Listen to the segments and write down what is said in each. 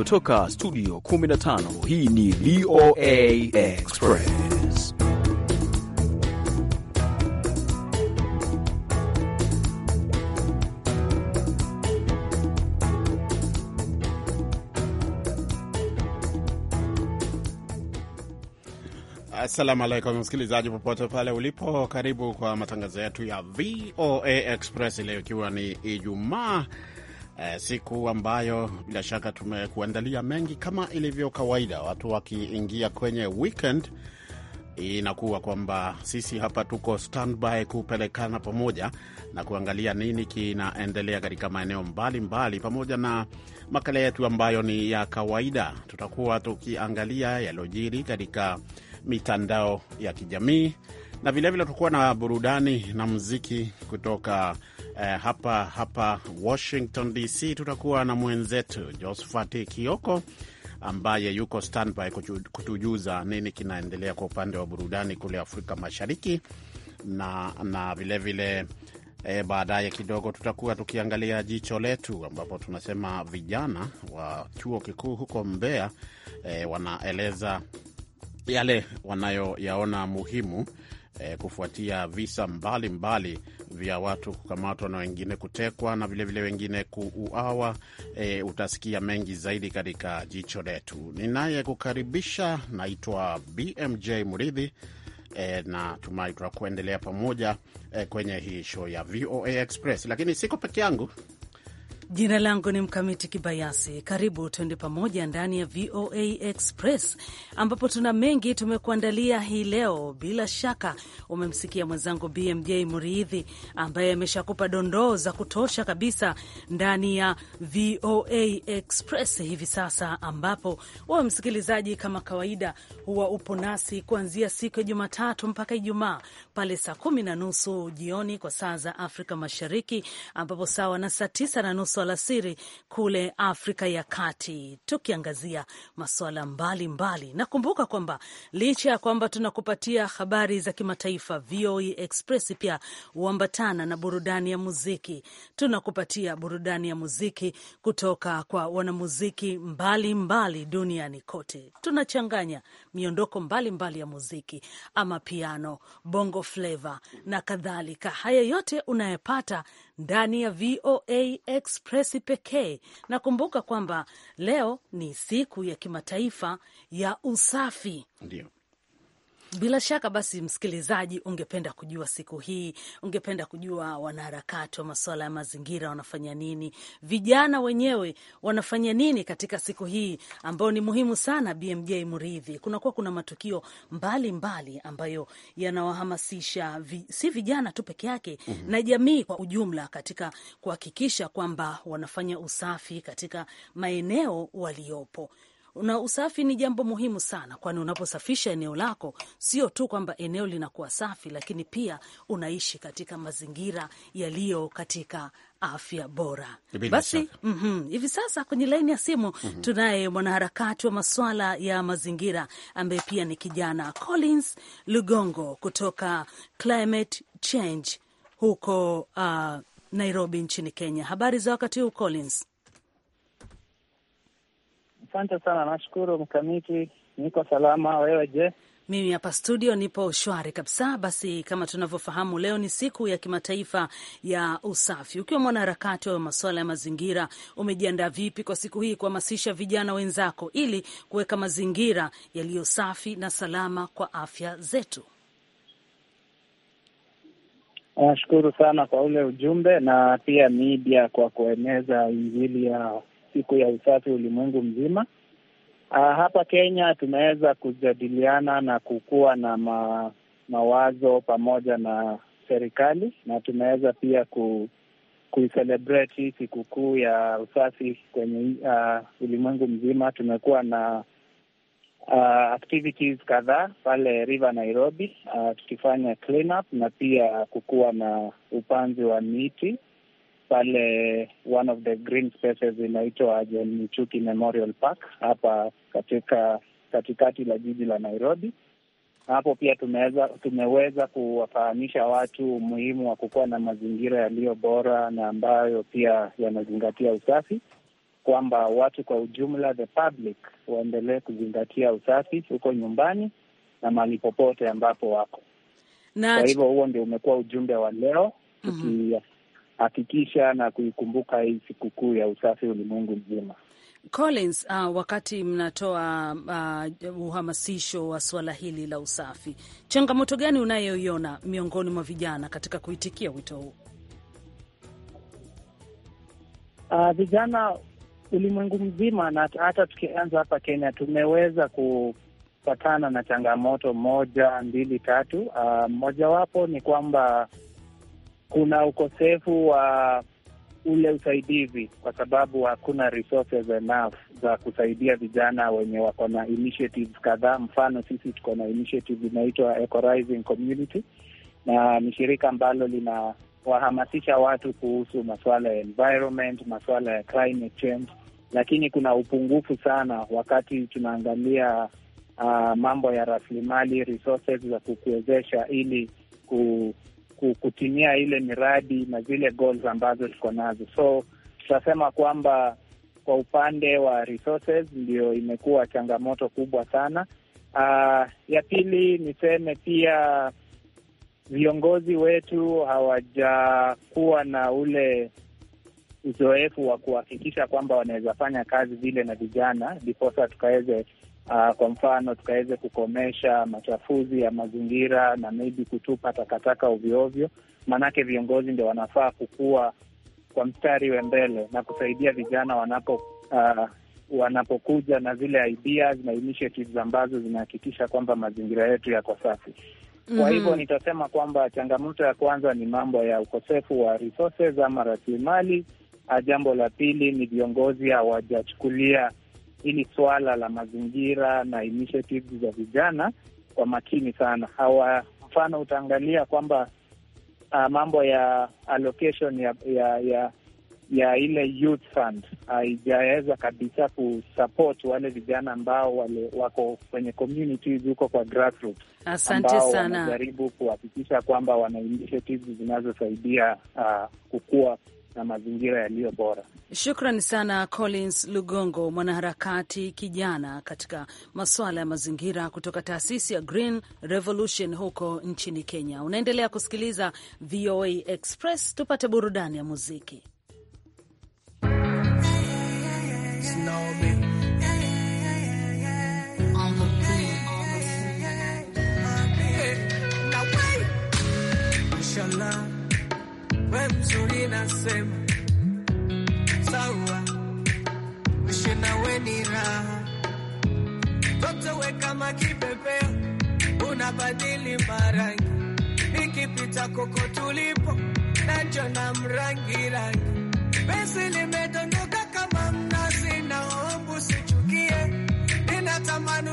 kutoka studio 15 hii ni VOA Express Assalamu alaikum msikilizaji, popote pale ulipo, karibu kwa matangazo yetu ya VOA Express leo, ikiwa ni Ijumaa Eh, siku ambayo bila shaka tumekuandalia mengi kama ilivyo kawaida. Watu wakiingia kwenye weekend, inakuwa kwamba sisi hapa tuko standby kupelekana pamoja na kuangalia nini kinaendelea katika maeneo mbalimbali, pamoja na makala yetu ambayo ni ya kawaida. Tutakuwa tukiangalia yaliyojiri katika mitandao ya kijamii na vilevile tutakuwa na burudani na muziki kutoka eh, hapa hapa Washington DC tutakuwa na mwenzetu josphat Kioko ambaye yuko standby kutujuza nini kinaendelea kwa upande wa burudani kule Afrika Mashariki na na vilevile eh, baadaye kidogo tutakuwa tukiangalia jicho letu ambapo tunasema vijana wa chuo kikuu huko Mbeya eh, wanaeleza yale wanayoyaona muhimu eh, kufuatia visa mbalimbali mbali vya watu kukamatwa na wengine kutekwa na vilevile vile wengine kuuawa. Eh, utasikia mengi zaidi katika jicho letu. Ninaye kukaribisha naitwa BMJ Muridhi. E, na tumai tutakuendelea pamoja e, kwenye hii show ya VOA Express, lakini siko peke yangu. Jina langu ni Mkamiti Kibayasi. Karibu tuende pamoja ndani ya VOA Express ambapo tuna mengi tumekuandalia hii leo. Bila shaka umemsikia mwenzangu BMJ muridhi ambaye ameshakupa dondoo za kutosha kabisa ndani ya VOA Express hivi sasa, ambapo wewe msikilizaji, kama kawaida, huwa upo nasi kuanzia siku ya Jumatatu mpaka Ijumaa pale saa kumi na nusu jioni kwa saa za Afrika Mashariki, ambapo sawa na saa tisa na nusu masuala siri kule Afrika ya Kati, tukiangazia masuala mbalimbali. Nakumbuka kwamba licha ya kwamba tunakupatia habari za kimataifa, VOA e Express pia huambatana na burudani ya muziki. Tunakupatia burudani ya muziki kutoka kwa wanamuziki mbalimbali duniani kote. Tunachanganya miondoko mbalimbali mbali ya muziki, ama piano, bongo flava na kadhalika. Haya yote unayepata ndani ya VOA Express pekee. Nakumbuka kwamba leo ni siku ya kimataifa ya usafi. Ndiyo. Bila shaka basi, msikilizaji, ungependa kujua siku hii, ungependa kujua wanaharakati wa masuala ya mazingira wanafanya nini, vijana wenyewe wanafanya nini katika siku hii ambayo ni muhimu sana. BMJ Mridhi, kunakuwa kuna matukio mbalimbali mbali ambayo yanawahamasisha vi, si vijana tu peke yake mm -hmm. na jamii kwa ujumla katika kuhakikisha kwamba wanafanya usafi katika maeneo waliopo na usafi ni jambo muhimu sana, kwani unaposafisha eneo lako, sio tu kwamba eneo linakuwa safi, lakini pia unaishi katika mazingira yaliyo katika afya bora. Basi mm hivi Sasa kwenye laini ya simu mm -hmm. tunaye mwanaharakati wa maswala ya mazingira ambaye pia ni kijana Collins Lugongo kutoka Climate Change huko uh, Nairobi nchini Kenya. Habari za wakati huu Collins? Asante sana, nashukuru Mkamiti, niko salama. Wewe je? Mimi hapa studio nipo shwari kabisa. Basi, kama tunavyofahamu, leo ni siku ya kimataifa ya usafi. Ukiwa mwanaharakati wa masuala ya mazingira, umejiandaa vipi kwa siku hii kuhamasisha vijana wenzako ili kuweka mazingira yaliyo safi na salama kwa afya zetu? Nashukuru sana kwa ule ujumbe na pia media kwa kueneza injili ya siku ya usafi ulimwengu mzima. Uh, hapa Kenya tumeweza kujadiliana na kukuwa na ma, mawazo pamoja na serikali na tumeweza pia ku, kuicelebrate hii sikukuu ya usafi kwenye uh, ulimwengu mzima. Tumekuwa na uh, activities kadhaa pale River Nairobi, uh, tukifanya clean up na pia kukuwa na upanzi wa miti pale one of the green spaces inaitwa John Michuki Memorial Park hapa katika katikati la jiji la Nairobi. Hapo pia tumeweza tumeweza kuwafahamisha watu umuhimu wa kukuwa na mazingira yaliyo bora na ambayo pia yanazingatia usafi, kwamba watu kwa ujumla, the public, waendelee kuzingatia usafi huko nyumbani na mahali popote ambapo wako. Kwa hivyo huo ndio umekuwa ujumbe wa leo. Mm -hmm kuhakikisha na kuikumbuka hii sikukuu ya usafi ulimwengu mzima. Collins, uh, wakati mnatoa uh, uhamasisho wa suala hili la usafi, changamoto gani unayoiona miongoni mwa vijana katika kuitikia wito huu? Uh, vijana ulimwengu mzima na hata tukianza hapa Kenya tumeweza kupatana na changamoto moja mbili tatu. Uh, mojawapo ni kwamba kuna ukosefu wa ule usaidizi kwa sababu hakuna resources enough za kusaidia vijana wenye wako na initiatives kadhaa. Mfano, sisi tuko na initiative inaitwa Ecorising Community, na ni shirika ambalo linawahamasisha watu kuhusu masuala ya environment, masuala ya climate change, lakini kuna upungufu sana wakati tunaangalia uh, mambo ya rasilimali resources za kukuwezesha ili ku kutimia ile miradi na zile goals ambazo tuko nazo. So tutasema kwamba kwa upande wa resources ndio imekuwa changamoto kubwa sana. Uh, ya pili niseme pia viongozi wetu hawajakuwa na ule uzoefu wa kuhakikisha kwamba wanaweza fanya kazi vile na vijana, ndiposa tukaweze Uh, kwa mfano tukaweze kukomesha machafuzi ya mazingira na maybe kutupa takataka ovyoovyo, maanake viongozi ndio wanafaa kukua kwa mstari wa mbele na kusaidia vijana wanapo uh, wanapokuja na zile ideas na initiatives ambazo zinahakikisha kwamba mazingira yetu yako safi. Kwa mm -hmm. hivyo nitasema kwamba changamoto ya kwanza ni mambo ya ukosefu wa resources ama rasilimali. Ah, jambo la pili ni viongozi hawajachukulia hili swala la mazingira na initiatives za vijana kwa makini sana. Hawa mfano utaangalia kwamba uh, mambo ya allocation ya ya ya, ya ile youth fund haijaweza uh, kabisa kusupport wale vijana ambao wale wako kwenye communities huko kwa grassroots. Asante ambao sana, wanajaribu kuhakikisha kwamba wana initiatives zinazosaidia uh, kukua na mazingira yaliyo bora. Shukran sana Collins Lugongo, mwanaharakati kijana katika masuala ya mazingira kutoka taasisi ya Green Revolution huko nchini Kenya. Unaendelea kusikiliza VOA Express, tupate burudani ya muziki yeah. we mzuri nasema sawa, mshe we ni raha, toto we kama kipepeo, unabadili marangi, ikipita koko tulipo nacho na mrangi rangi, basi limedondoka kama mnazi, naomba usichukie, ninatamani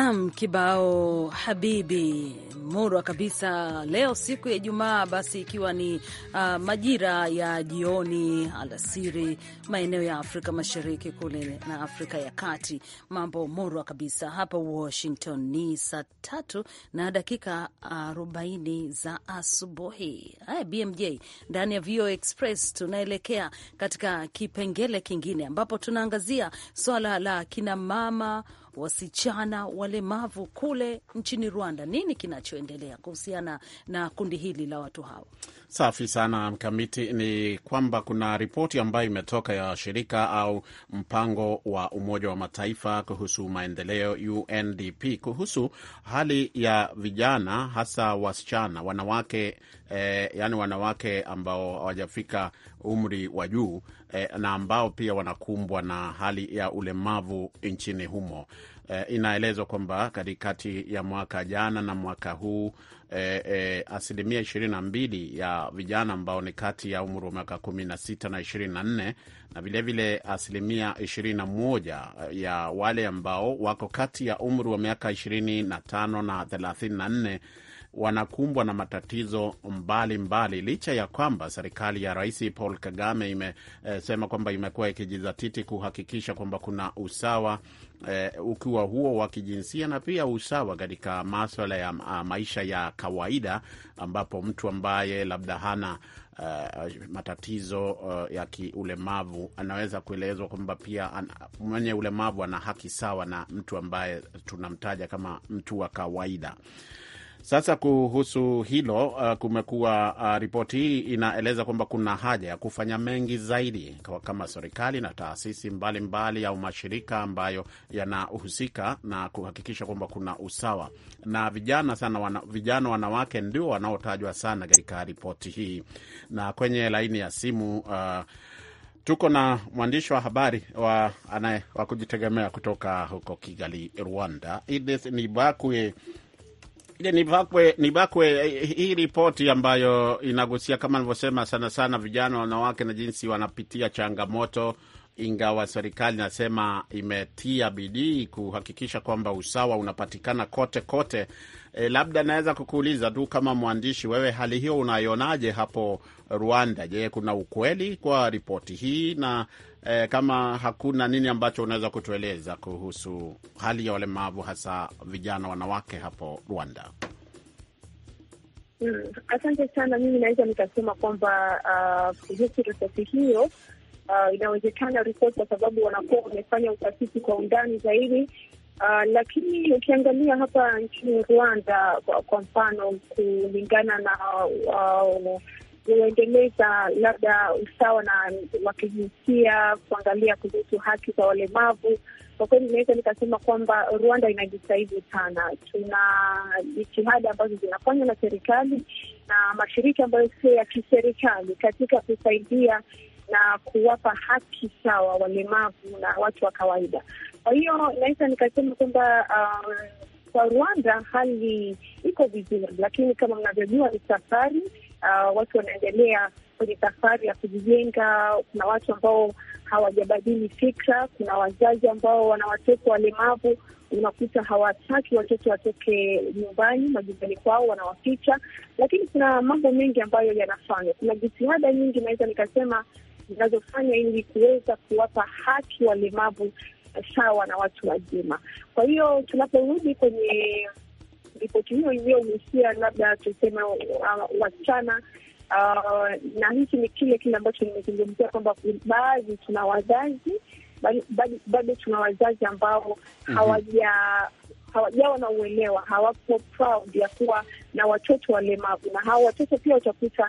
Naam, kibao habibi murwa kabisa. Leo siku ya Ijumaa, basi ikiwa ni uh, majira ya jioni alasiri, maeneo ya Afrika Mashariki kule na Afrika ya Kati, mambo murwa kabisa. Hapa Washington ni saa tatu na dakika arobaini za asubuhi. Haya, BMJ ndani ya VOA Express tunaelekea katika kipengele kingine ambapo tunaangazia swala la kinamama wasichana walemavu kule nchini Rwanda. Nini kinachoendelea kuhusiana na kundi hili la watu hawa? Safi sana Mkamiti. Ni kwamba kuna ripoti ambayo imetoka ya shirika au mpango wa Umoja wa Mataifa kuhusu maendeleo UNDP kuhusu hali ya vijana hasa wasichana wanawake, eh, yani wanawake ambao hawajafika umri wa juu eh, na ambao pia wanakumbwa na hali ya ulemavu nchini humo eh, inaelezwa kwamba katikati ya mwaka jana na mwaka huu eh, eh, asilimia ishirini na mbili ya vijana ambao ni kati ya umri wa miaka kumi na sita na ishirini na nne na vilevile asilimia ishirini na moja eh, ya wale ambao wako kati ya umri wa miaka ishirini na tano na thelathini na nne wanakumbwa na matatizo mbalimbali mbali, licha ya kwamba serikali ya Rais Paul Kagame imesema eh, kwamba imekuwa ikijizatiti kuhakikisha kwamba kuna usawa eh, ukiwa huo wa kijinsia na pia usawa katika maswala ya ah, maisha ya kawaida, ambapo mtu ambaye labda hana Uh, matatizo uh, ya kiulemavu anaweza kuelezwa kwamba pia an, mwenye ulemavu ana haki sawa na mtu ambaye tunamtaja kama mtu wa kawaida. Sasa kuhusu hilo uh, kumekuwa uh, ripoti hii inaeleza kwamba kuna haja ya kufanya mengi zaidi kama serikali na taasisi mbalimbali au mashirika ambayo yanahusika na kuhakikisha kwamba kuna usawa na vijana sana wana, vijana wanawake ndio wanaotajwa sana katika ripoti hii. Na kwenye laini ya simu uh, tuko na mwandishi wa habari wa, wa kujitegemea kutoka huko Kigali, Rwanda, Edith Nibakwe. Nibakwe, nibakwe, eh, hii ripoti ambayo inagusia kama nilivyosema, sana sana vijana wanawake na jinsi wanapitia changamoto, ingawa serikali nasema imetia bidii kuhakikisha kwamba usawa unapatikana kote kote. E, labda naweza kukuuliza tu kama mwandishi, wewe hali hiyo unaionaje hapo Rwanda. Je, kuna ukweli kwa ripoti hii? Na eh, kama hakuna, nini ambacho unaweza kutueleza kuhusu hali ya walemavu hasa vijana wanawake hapo Rwanda? Hmm, asante sana. Mimi naweza nikasema kwamba uh, kuhusu ripoti hiyo uh, inawezekana ripoti kwa sababu wanakuwa wamefanya utafiti kwa undani zaidi. Uh, lakini ukiangalia hapa nchini Rwanda kwa, kwa mfano kulingana na uh, kuendeleza labda usawa na wa kijinsia, kuangalia kuhusu haki za walemavu. Kwa kweli inaweza nikasema kwamba Rwanda inajitahidi sana. Tuna jitihada ambazo zinafanywa na serikali na mashirika ambayo sio ya kiserikali katika kusaidia na kuwapa haki sawa walemavu na watu wa kawaida. Kwa hiyo naweza nikasema kwamba uh, kwa Rwanda hali iko vizuri, lakini kama mnavyojua ni safari uh, watu wanaendelea kwenye safari ya kujijenga. Kuna watu ambao hawajabadili fikra, kuna wazazi ambao wana watoto walemavu unakuta hawataki watoto watoke nyumbani majumbani kwao, wanawaficha. Lakini kuna mambo mengi ambayo yanafanywa, kuna jitihada nyingi naweza nikasema zinazofanywa ili kuweza kuwapa haki walemavu sawa na watu wazima. Kwa hiyo tunaporudi kwenye ripoti hiyo iliyohusia labda tuseme uh, wasichana uh, na hiki ni kile kile ambacho nimezungumzia kwamba baadhi tuna wazazi bado tuna wazazi ambao mhm. hawaja hawajawa na uelewa, hawako proud ya kuwa na watoto walemavu, na hawa watoto pia utakuta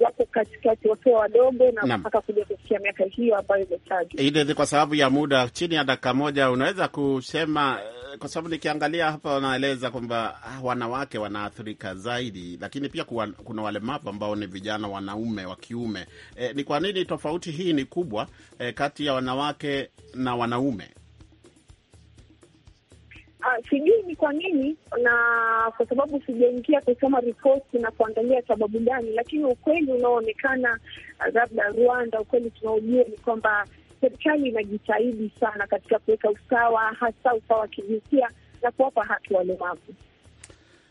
wako katikati wakiwa wadogo na mpaka kuja kufikia miaka hiyo ambayo imetajwa. Ile kwa sababu ya muda, chini ya dakika moja, unaweza kusema eh, kwa sababu nikiangalia hapa wanaeleza kwamba ah, wanawake wanaathirika zaidi, lakini pia kuwa, kuna walemavu ambao ni vijana wanaume wa kiume. E, ni kwa nini tofauti hii ni kubwa e, kati ya wanawake na wanaume? Ah, sijui ni kwa nini, na kwa sababu sijaingia kusoma ripoti na kuangalia sababu gani, lakini ukweli unaoonekana ah, labda Rwanda, ukweli tunaojua ni kwamba serikali inajitahidi sana katika kuweka usawa, hasa usawa wa kijinsia na kuwapa haki walemavu.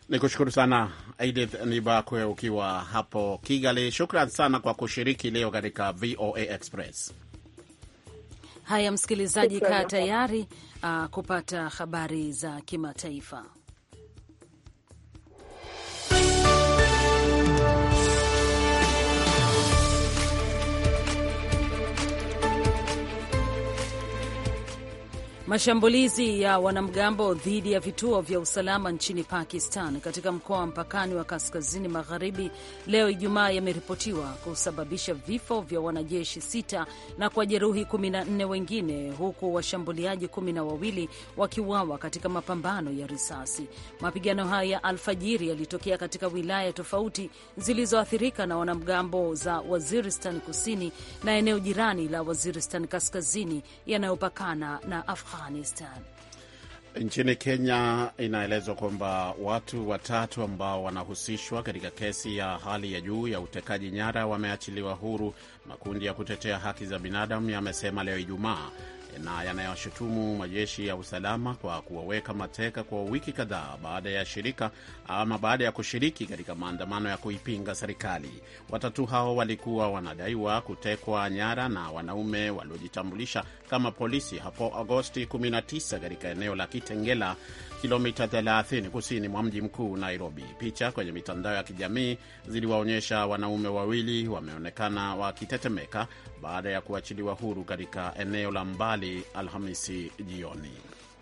Ni kushukuru sana Edith Nibakwe ukiwa hapo Kigali. Shukran sana kwa kushiriki leo katika VOA Express. Haya msikilizaji, kaa tayari uh, kupata habari za kimataifa. Mashambulizi ya wanamgambo dhidi ya vituo vya usalama nchini Pakistan katika mkoa wa mpakani wa kaskazini magharibi leo Ijumaa yameripotiwa kusababisha vifo vya wanajeshi sita na kwa jeruhi 14 wengine, huku washambuliaji kumi na wawili wakiuawa katika mapambano ya risasi. Mapigano haya ya alfajiri yalitokea katika wilaya tofauti zilizoathirika na wanamgambo za Waziristan kusini na eneo jirani la Waziristan kaskazini yanayopakana na Afghanistan. Afghanistan. Nchini Kenya inaelezwa kwamba watu watatu ambao wanahusishwa katika kesi ya hali ya juu ya utekaji nyara wameachiliwa huru, makundi ya kutetea haki za binadamu yamesema leo Ijumaa, na yanayoshutumu majeshi ya usalama kwa kuwaweka mateka kwa wiki kadhaa baada ya shirika ama baada ya kushiriki katika maandamano ya kuipinga serikali. Watatu hao walikuwa wanadaiwa kutekwa nyara na wanaume waliojitambulisha kama polisi hapo Agosti 19 katika eneo la Kitengela kilomita 30 kusini mwa mji mkuu Nairobi. Picha kwenye mitandao ya kijamii ziliwaonyesha wanaume wawili wameonekana wakitetemeka baada ya kuachiliwa huru katika eneo la mbali Alhamisi jioni.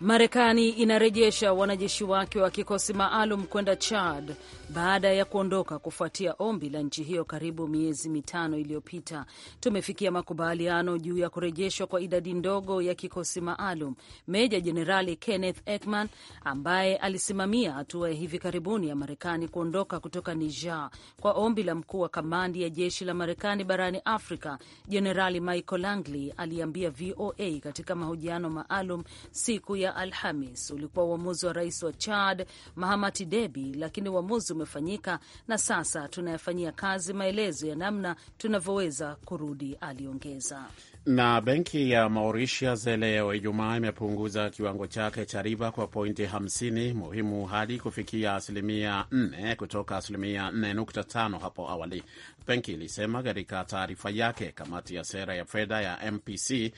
Marekani inarejesha wanajeshi wake wa kikosi maalum kwenda Chad baada ya kuondoka kufuatia ombi la nchi hiyo karibu miezi mitano iliyopita. Tumefikia makubaliano juu ya kurejeshwa kwa idadi ndogo ya kikosi maalum, Meja Jenerali Kenneth Ekman ambaye alisimamia hatua ya hivi karibuni ya Marekani kuondoka kutoka Niger kwa ombi la mkuu wa kamandi ya jeshi la Marekani barani Afrika, Jenerali Michael Langley aliambia VOA katika mahojiano maalum siku ya ya Alhamis ulikuwa uamuzi wa rais wa Chad Mahamati Debi, lakini uamuzi umefanyika na sasa tunayafanyia kazi maelezo ya namna tunavyoweza kurudi, aliongeza. Na benki ya Mauritius leo Ijumaa imepunguza kiwango chake cha riba kwa pointi 50 muhimu hadi kufikia asilimia 4 kutoka asilimia 4.5 hapo awali, benki ilisema katika taarifa yake. Kamati ya sera ya fedha ya MPC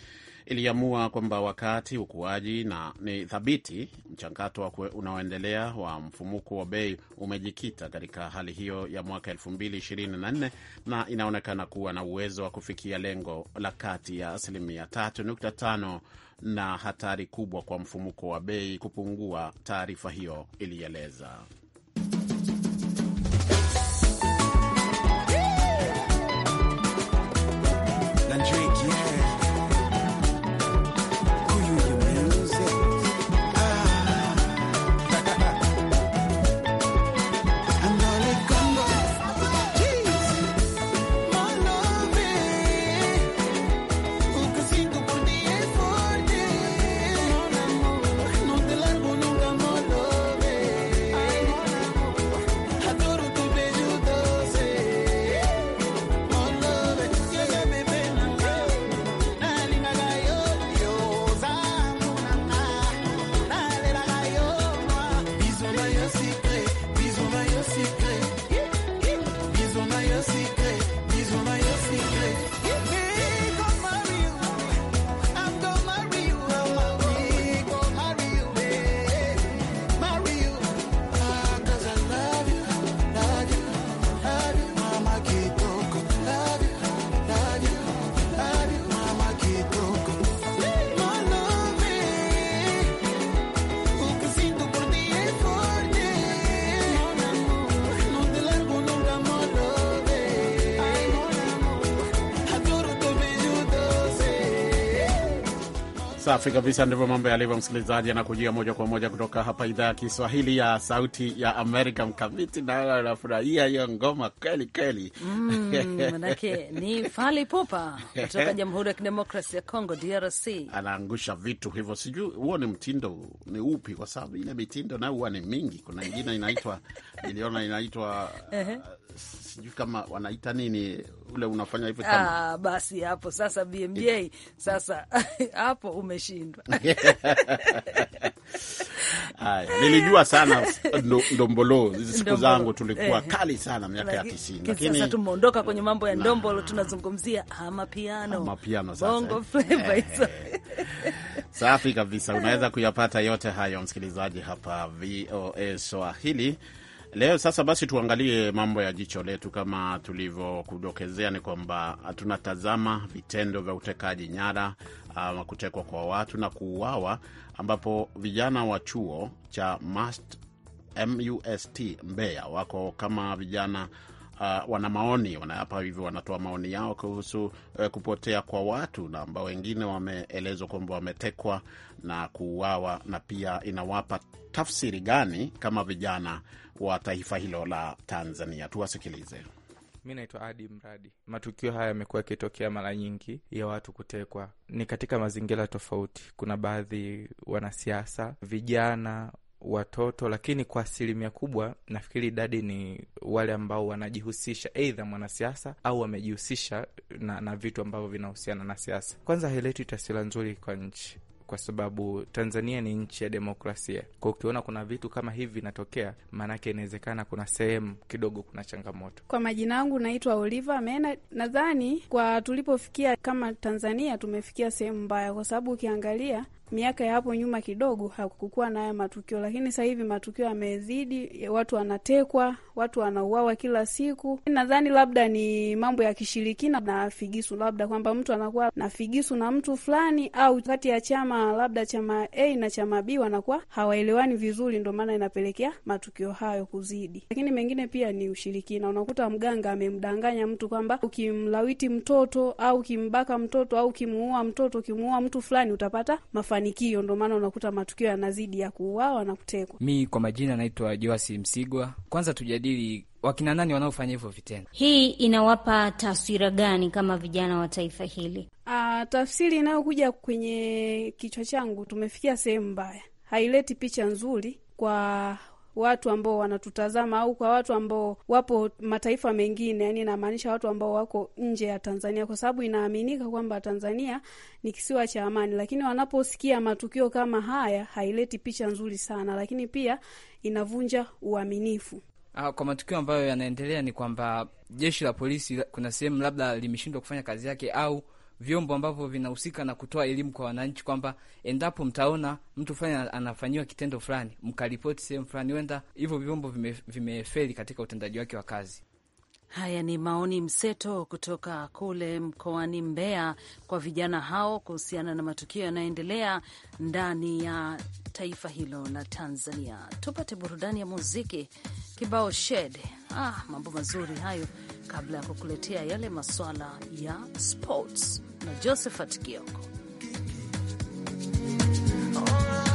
iliamua kwamba wakati ukuaji na ni thabiti, mchakato unaoendelea wa mfumuko wa bei umejikita katika hali hiyo ya mwaka 2024 na inaonekana kuwa na uwezo wa kufikia lengo la kati ya asilimia 3.5 na hatari kubwa kwa mfumuko wa bei kupungua, taarifa hiyo ilieleza. Safi kabisa, ndivyo mambo yalivyo, msikilizaji, anakujia moja kwa moja kutoka hapa idhaa ya Kiswahili ya Sauti ya Amerika. Mkamiti na anafurahia hiyo ngoma kweli kweli, mm, manake mm, ni Fali Ipupa kutoka Jamhuri ya Kidemokrasi ya Congo, DRC, anaangusha vitu hivyo. Sijui huo ni mtindo ni upi, kwa sababu ile mitindo nayo huwa ni mingi. Kuna ingine inaitwa iliona inaitwa uh, sijui kama wanaita nini ule unafanya hivyo. Ah, basi hapo sasa BMJ sasa hapo ume ameshindwa. nilijua sana ndombolo. Hizi siku zangu tulikuwa eh. kali sana miaka ya tisini, lakini sasa tumeondoka kwenye mambo ya ndombolo, tunazungumzia amapiano, amapiano sasa, bongo flava eh. hizo. Safi kabisa, unaweza kuyapata yote hayo msikilizaji, hapa VOA Swahili Leo sasa basi tuangalie mambo ya jicho letu. Kama tulivyokudokezea, ni kwamba ah, tunatazama vitendo vya utekaji nyara, uh, kutekwa kwa watu na kuuawa, ambapo vijana wa chuo cha MUST, MUST Mbeya wako kama vijana Uh, wana maoni wanahapa hivyo, wanatoa maoni yao kuhusu uh, kupotea kwa watu na ambao wengine wameelezwa kwamba wametekwa na kuuawa, na pia inawapa tafsiri gani kama vijana wa taifa hilo la Tanzania. Tuwasikilize. Mi naitwa Adi Mradi. Matukio haya yamekuwa yakitokea mara nyingi ya watu kutekwa, ni katika mazingira tofauti. Kuna baadhi wanasiasa, vijana watoto lakini kwa asilimia kubwa nafikiri idadi ni wale ambao wanajihusisha eidha mwanasiasa au wamejihusisha na, na vitu ambavyo vinahusiana na siasa. Kwanza haileti taswira nzuri kwa nchi, kwa sababu Tanzania ni nchi ya demokrasia. Kwa ukiona kuna vitu kama hivi vinatokea, maanake inawezekana kuna sehemu kidogo kuna changamoto. Kwa majina yangu naitwa Oliva Mena. Nadhani kwa tulipofikia kama Tanzania tumefikia sehemu mbaya, kwa sababu ukiangalia miaka ya hapo nyuma kidogo hakukuwa na haya matukio, lakini sasa hivi matukio yamezidi, watu wanatekwa, watu wanauawa kila siku. Nadhani labda ni mambo ya kishirikina na figisu, labda kwamba mtu anakuwa na figisu na mtu fulani, au kati ya chama labda chama A na chama B wanakuwa hawaelewani vizuri, ndio maana inapelekea matukio hayo kuzidi. Lakini mengine pia ni ushirikina, unakuta mganga amemdanganya mtu kwamba ukimlawiti mtoto au ukimbaka mtoto au ukimuua mtoto, ukimuua mtu fulani utapata mafanikio mafanikio, ndio maana unakuta matukio yanazidi ya kuuawa na kutekwa. Mi kwa majina naitwa Joasi Msigwa. Kwanza tujadili wakina nani wanaofanya hivyo vitendo, hii inawapa taswira gani kama vijana wa taifa hili? Aa, ah, tafsiri inayokuja kwenye kichwa changu, tumefikia sehemu mbaya, haileti picha nzuri kwa watu ambao wanatutazama au kwa watu ambao wapo mataifa mengine, yani inamaanisha watu ambao wako nje ya Tanzania, kwa sababu inaaminika kwamba Tanzania ni kisiwa cha amani, lakini wanaposikia matukio kama haya haileti picha nzuri sana, lakini pia inavunja uaminifu. Ah, kwa matukio ambayo yanaendelea ni kwamba jeshi la polisi kuna sehemu labda limeshindwa kufanya kazi yake au vyombo ambavyo vinahusika na kutoa elimu kwa wananchi kwamba endapo mtaona mtu fulani anafanyiwa kitendo fulani, mkaripoti sehemu fulani, huenda hivyo vyombo vimefeli vime katika utendaji wake wa kazi. Haya ni maoni mseto kutoka kule mkoani Mbeya kwa vijana hao kuhusiana na matukio yanayoendelea ndani ya taifa hilo la Tanzania. Tupate burudani ya muziki kibao shed. Ah, mambo mazuri hayo, kabla ya kukuletea yale maswala ya sports na Josephat Kioko. Oh,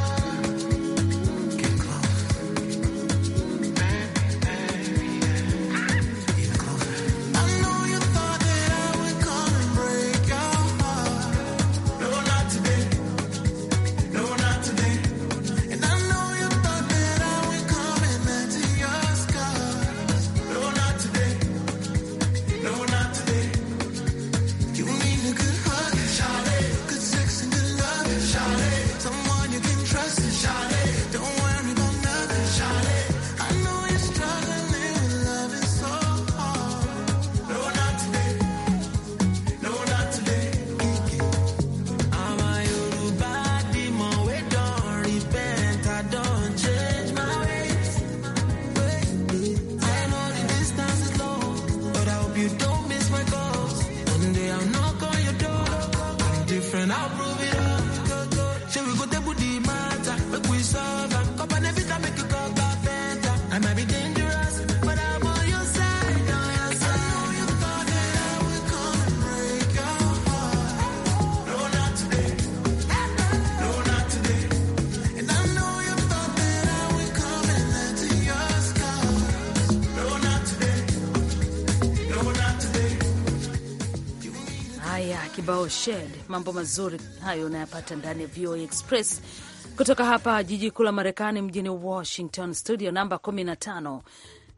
Now. shed. Mambo mazuri hayo unayapata ndani ya VOA Express kutoka hapa jiji kuu la Marekani, mjini Washington, studio namba 15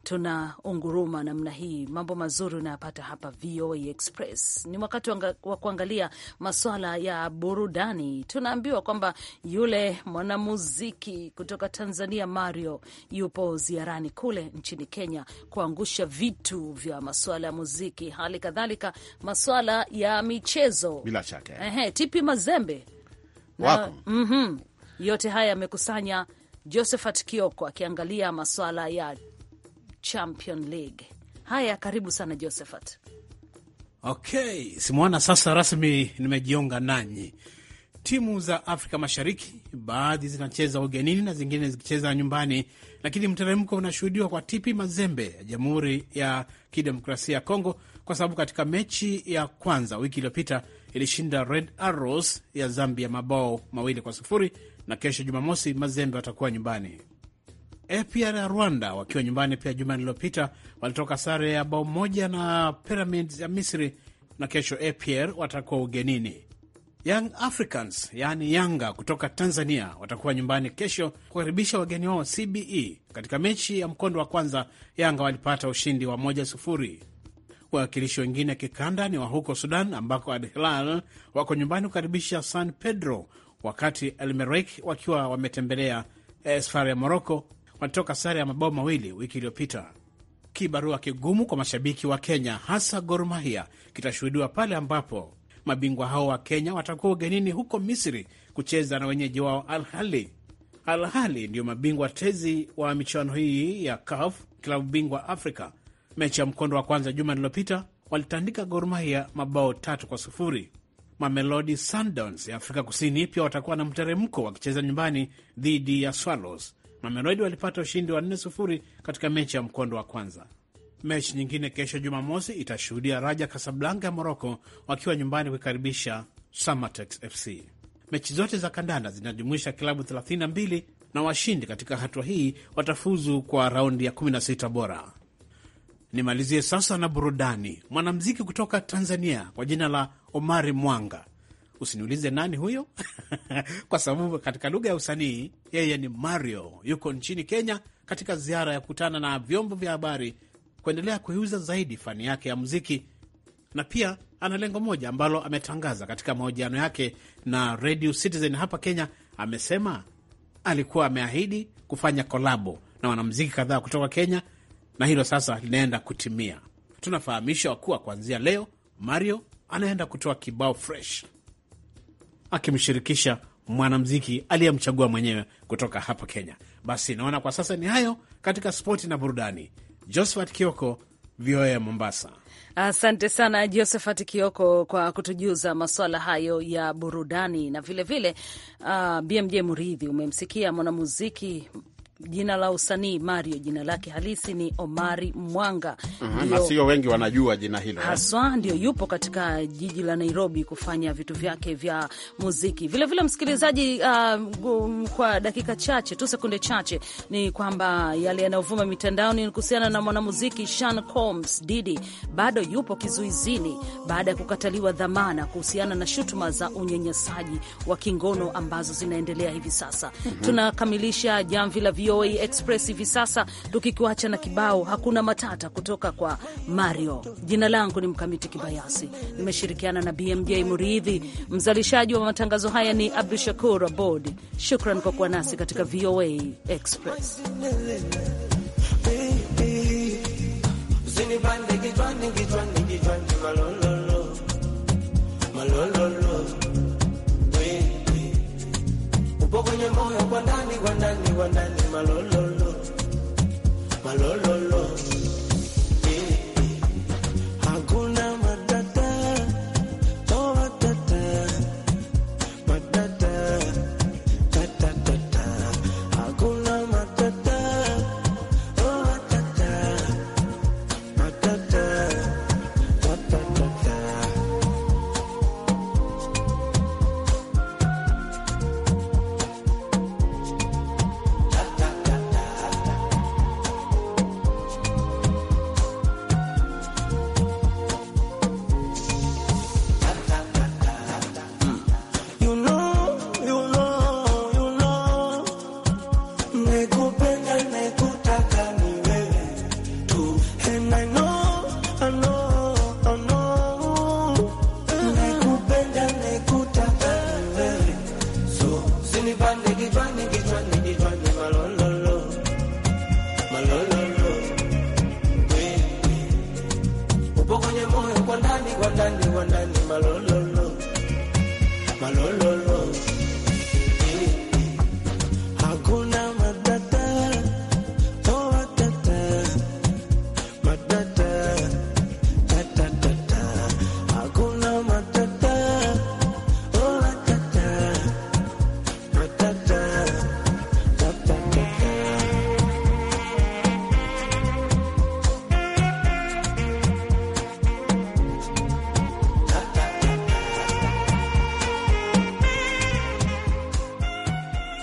tunaunguruma namna hii. Mambo mazuri unayapata hapa VOA Express. Ni wakati wa kuangalia maswala ya burudani. Tunaambiwa kwamba yule mwanamuziki kutoka Tanzania Mario yupo ziarani kule nchini Kenya kuangusha vitu vya maswala ya muziki, hali kadhalika maswala ya michezo. Bila shaka ehe, Tipi Mazembe na, mm -hmm, yote haya yamekusanya Josephat Kioko akiangalia maswala ya Champion League. Haya, karibu sana Josephat. Okay, Simwana, sasa rasmi nimejiunga nanyi. Timu za Afrika Mashariki baadhi zinacheza ugenini na zingine zikicheza nyumbani, lakini mteremko unashuhudiwa kwa Tipi Mazembe ya Jamhuri ya Kidemokrasia ya Kongo, kwa sababu katika mechi ya kwanza wiki iliyopita ilishinda Red Arrows ya Zambia mabao mawili kwa sufuri na kesho Jumamosi Mazembe watakuwa nyumbani. APR ya Rwanda wakiwa nyumbani pia juma lililopita walitoka sare ya bao moja na Pyramids ya Misri, na kesho APR watakuwa ugenini. Young Africans yaani Yanga kutoka Tanzania watakuwa nyumbani kesho kukaribisha wageni wao CBE. Katika mechi ya mkondo wa kwanza, Yanga walipata ushindi wa moja sufuri. Wawakilishi wengine kikanda ni wa huko Sudan ambako Al Hilal wako nyumbani kukaribisha San Pedro, wakati Elmerek wakiwa wametembelea eh, safari ya Moroko walitoka sare ya mabao mawili wiki iliyopita. Kibarua kigumu kwa mashabiki wa Kenya, hasa Gor Mahia, kitashuhudiwa pale ambapo mabingwa hao wa Kenya watakuwa ugenini huko Misri kucheza na wenyeji wao Al Ahly. Al Ahly ndiyo mabingwa tezi wa michuano hii ya CAF klabu bingwa Afrika. Mechi ya mkondo wa kwanza juma lililopita walitandika Gor Mahia mabao tatu kwa sufuri. Mamelodi Sundowns ya Afrika Kusini pia watakuwa na mteremko wakicheza nyumbani dhidi ya Swallows. Mamelodi walipata ushindi wa 4-0 katika mechi ya mkondo wa kwanza. Mechi nyingine kesho Jumamosi itashuhudia Raja Kasablanka ya Moroko wakiwa nyumbani kuikaribisha Samatex FC. Mechi zote za kandanda zinajumuisha klabu 32 na washindi katika hatua hii watafuzu kwa raundi ya 16 bora. Nimalizie sasa na burudani. mwanamziki kutoka Tanzania kwa jina la Omari Mwanga Usiniulize nani huyo kwa sababu katika lugha ya usanii yeye ni Mario, yuko nchini Kenya katika ziara ya kukutana na vyombo vya habari kuendelea kuiuza zaidi fani yake ya muziki, na pia ana lengo moja ambalo ametangaza katika mahojiano yake na Radio Citizen hapa Kenya. Amesema alikuwa ameahidi kufanya kolabo na wanamuziki kadhaa kutoka Kenya, na hilo sasa linaenda kutimia. Tunafahamishwa kuwa kuanzia leo Mario anaenda kutoa kibao fresh akimshirikisha mwanamziki aliyemchagua mwenyewe kutoka hapa Kenya. Basi naona kwa sasa ni hayo katika spoti na burudani. Josephat Kioko, VOA Mombasa. Asante sana Josephat Kioko kwa kutujuza maswala hayo ya burudani na vilevile vile, uh, ah, BMJ Muridhi. Umemsikia mwanamuziki jina la usanii Mario, jina lake halisi ni Omari Mwanga mm -hmm, na sio wengi wanajua jina hilo eh? haswa. Ndio yupo katika jiji la Nairobi kufanya vitu vyake vya muziki vilevile. Vile msikilizaji, uh, um, kwa dakika chache tu, sekunde chache, ni kwamba yale yanayovuma mitandaoni kuhusiana na mwanamuziki Sean Combs Didi bado yupo kizuizini baada ya kukataliwa dhamana kuhusiana na shutuma za unyanyasaji wa kingono ambazo zinaendelea hivi sasa. mm -hmm. tunakamilisha jamvi la VOA Express hivi sasa, tukikuacha na kibao hakuna matata kutoka kwa Mario. Jina langu ni Mkamiti Kibayasi, nimeshirikiana na BMJ Muridhi. Mzalishaji wa matangazo haya ni Abdu Shakur Abod. Shukran kwa kuwa nasi katika VOA Express. Upo kwenye moyo kwa ndani, kwa ndani, kwa ndani malololo, malololo.